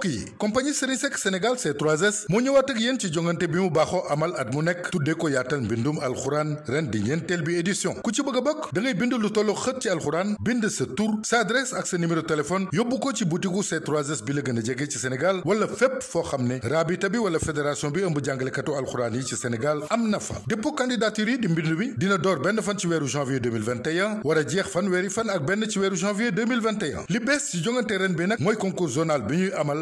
mbokk yi compagnie Sénégal c 3 moo ñëwaat ak yéen ci jongante bi mu baaxoo amal at mu nekk tuddee ko yaatal mbindum alxuraan ren di ñeenteel bi édition ku ci bëgg a bokk da ngay bind lu tollu xët ci alxuraan bind sa tur sa adresse ak sa numéro téléphone yóbbu ko ci butigu c 3 bi la gën a jege ci Sénégal wala fépp foo xam ne raabita bi wala fédération bi ëmb jàngalekatu alxuraan yi ci Sénégal am na fa dépôt candidature yi di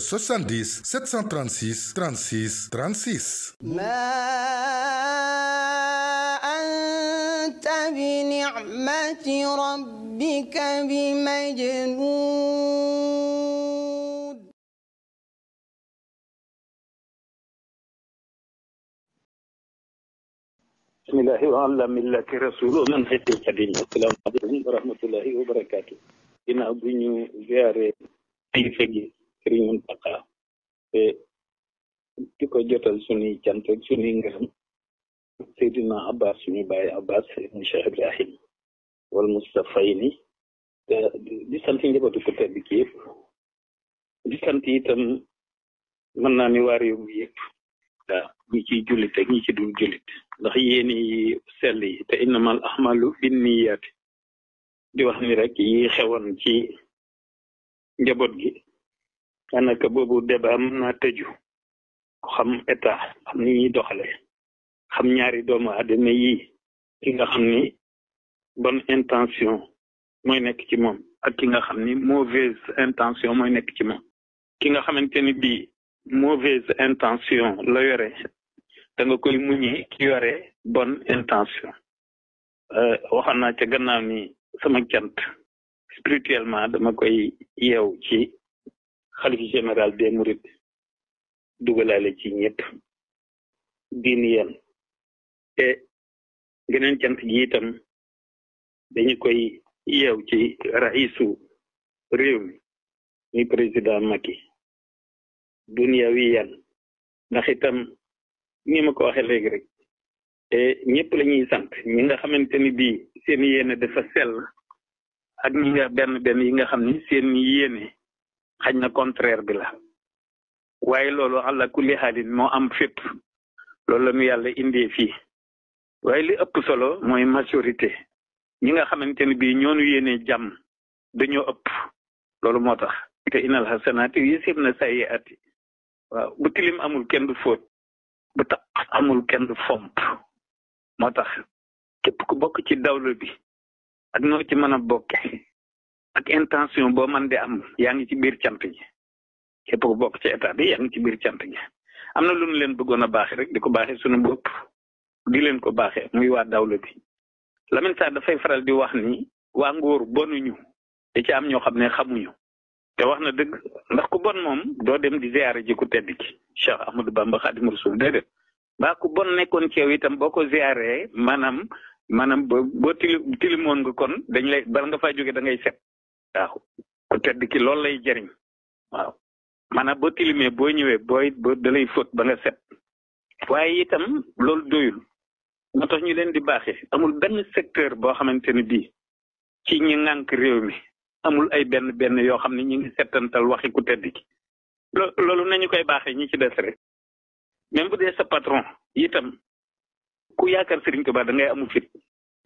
70 736 36 36. bismillahi wa ala bi ñu Sëriñ Muntaxa te di ko jotal suñuy cant ak Abbas suñu baay Abbas ibn Cheikh Ibrahim wal Mustafayni te di sant njabootu ki yëpp di sant itam mën naa ni waar yóbbu yëpp waaw ñi ciy jullit ak ñi ci dul ndax yéeni sell yi te innamal ahmalu binniyaati di wax ni rek yi xewoon ci njaboot gi daanaka boobu débat mën naa tëju xam état xam ni ñuy doxale xam ñaari doomu aadama yi ki nga xam ni bonne intention mooy nekk ci moom ak ki nga xam ni mauvaise intention mooy nekk ci moom ki nga xamante ni bii mauvaise intention la yore danga nga koy muñee ki yore bonne intention euh, waxoon naa ca gannaaw ni sama cant spirituellement dama koy yeew ci xalif général des mourides dugalaale ci ñëpp diin yam te geneen cant gi itam dañu koy yeew ci raisu réew mi président Macky duniya wi yan ndax itam ni ma ko waxe léegi rek te ñëpp lañuy ñuy sant ñi nga xamante ni bii seen yéene dafa sell ak ñi nga benn benn yi nga xam ni seen yéene xañ na contraire bi la waaye loolu àlla kulli xaalin moo am fépp loolu nu yàlla inde fii waaye li ëpp solo mooy majorité ñi nga xamante ne bii ñoo nu yéenee jàmm dañoo ëpp loolu moo tax te inal xasanaati yusib na sayi ati waaw bu tilim amul kenn du fóot bu tax amul kenn du fomp moo tax képp ku bokk ci dawlu bi ak noo ci mën a bokke ak intention boo man de am yaa ngi ci biir cant gi képp ku bokk ci état bi yaa ngi ci biir cant gi am na lu ñu leen bëggoon a baaxee rek di ko baaxee suñu bopp di leen ko baaxee muy waa dawla bi Lamine Sarr dafay faral di wax ni waa nguur bonuñu da ci am ñoo xam ne xamuñu te wax na dëgg ndax ku bon moom doo dem di ziare ji ku tedd ki Cheikh Ahmadou Bamba Xaadimu Rasuul déedéet mbaa ku bon nekkoon ci itam boo ko ziaree maanaam maanaam boo tili tilimoon nga kon dañ lay bala nga faa jóge da ngay set waaw ku tedd ki loolu lay jariñ waaw maanaam boo tilimee boo ñëwee booy boo dalay fóot ba nga set waaye itam lool doyul moo tax ñu leen di baaxee amul benn secteur boo xamante ne bii ci ñi ŋànk réew mi amul ay benn benn yoo xam ne ñu ngi settantal waxi ku tedd ki loolu nañu koy baaxee ñi ci des rek même bu dee sa patron itam ku yaakaar Serigne Touba da ngay amul fit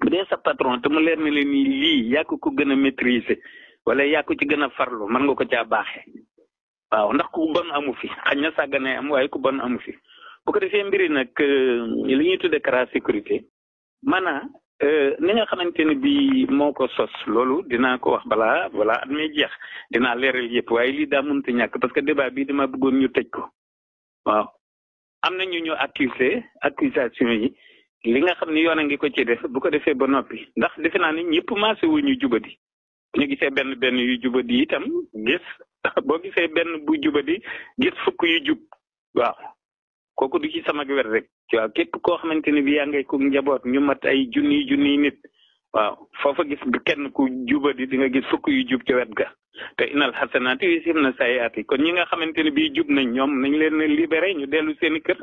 bu dee sa patron te mu leer na leen ni lii yaa ko ko gën a maîtriser wala yaa ko ci gën a farlu mën nga ko caa baaxe waaw ndax ku bon amu fi xañ na sàggane am waaye ku bon amu fi bu ko defee mbiri nag euh, li ñuy tudde Kara sécurité maanaa euh, ni nga xamante ne bii moo ko sos loolu dinaa ko wax balaa balaa at may jeex dinaa leeral yëpp waaye lii daa mënta ñàkk parce que débat bi dama bëggoon ñu tëj ko waaw am na ñu ñu accusé accusation yi li nga xam ni yoon a ngi ko ci def bu ko defee ba noppi ndax defe naa ni ñëpp maase wu ñu jubadi ñu gisee benn benn yu jubadi itam gis boo gisee benn bu jubadi gis fukk yu jub waaw kooku du ci sama wér rek waaw képp koo xamante ni bi yaa ngay ko njaboot ñu mat ay junniy junniy nit waaw foofa gis kenn ku jubadi di nga gis fukk yu jub ca wet ga te inal xasanaati yusim na sayaati kon ñi nga xamante ne bii jub na ñoom nañ leen libéré ñu dellu seeni kër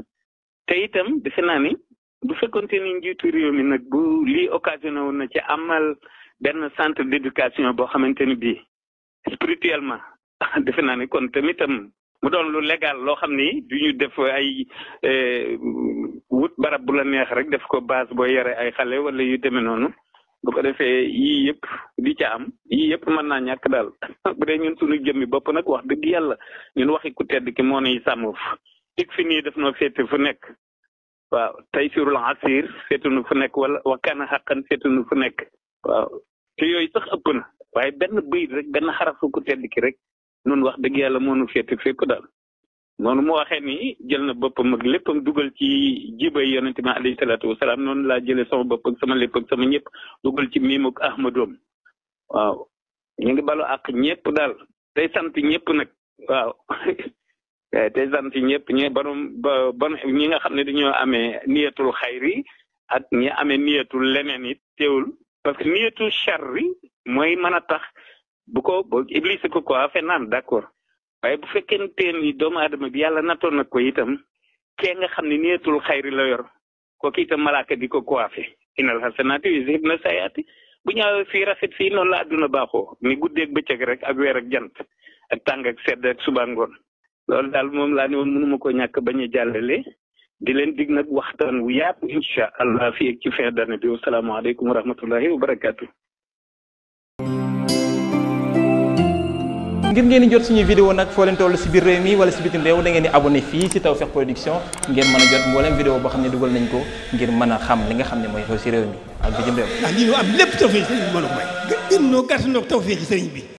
te itam defe naa ni bu fekkonte njiitu réew nag bu lii occasionné na ci amal benn centre d'éducation boo xamante ni bii spirituellement defe naa ni kon tamitam mu doon lu légal loo xam ni du ñu def ay eh, wut barab bu la neex rek def ko base boo yore ay xale wala yu demee noonu bu ko defee yii yëpp di ca am yii yëpp mën naa ñàkk daal bu dee ñun suñu jëmmi bopp nag wax dëgg yàlla ñun waxi ku tedd ki moo nuy sàmm fu ik fi nii daf noo féete fu nekk waaw tey surul asir féetunu fu nekk wala wakkaana xaqan féetunu fu nekk waaw te yooyu sax ëpp na waaye benn bayit rek benn xarafu ku tedd ki rek nun wax dëgg yàlla moonu féete fépp daal noonu mu waxee ni jël na boppam ak léppam dugal ci jibay yonente mi alayhi salaatu wasalaam noonu laa jëlee sox bopp sama lépp ak sama ñëpp dugal ci miim ak ahmadoom waaw ngi balu ak ñëpp daal tey sant ñëpp nag waaw eh, tey sant ñëpp ñu borom ba ñi nga xam ne dañoo amee niyatul xayri ak ñi ame niyatul leneen it teewul parce que niyetu charri mooy mën a tax bu ko iblis ko quoi fe naan d'accord waaye bu fekkee fekkente ni doomu aadama bi yàlla nattoon na ko itam kee nga xam ne niyetul xayri la yor kooku itam malaaka di ko coiffé inal xasanaati yuzhibna sayaati bu ñaawee fii rafet fii noonu la àdduna baaxoo ni guddeeg bëccëg rek ak weer ak jant ak tàng ak sedd ak suba loolu daal moom laa ne woon mënuma ko ñàkk bañ a jàllale di leen dig nag waxtaan wu yaatu incha fi ci fin d'année bi wasalaamaaleykum wa rahmatullahi wa barakaatu. ngir ngeen di jot suñu vidéo nag foo leen toll si biir réew mi wala si bitim réew da ngeen di abonné fii si Tawfekh Production ngeen mën a jot mboolem vidéo boo xam ne dugal nañ ko ngir mën a xam li nga xam ne mooy xew si réew mi ak bitim réew. ndax ah, lii ñu am lépp Tawfekh sëriñ bi mën a may. gën bi.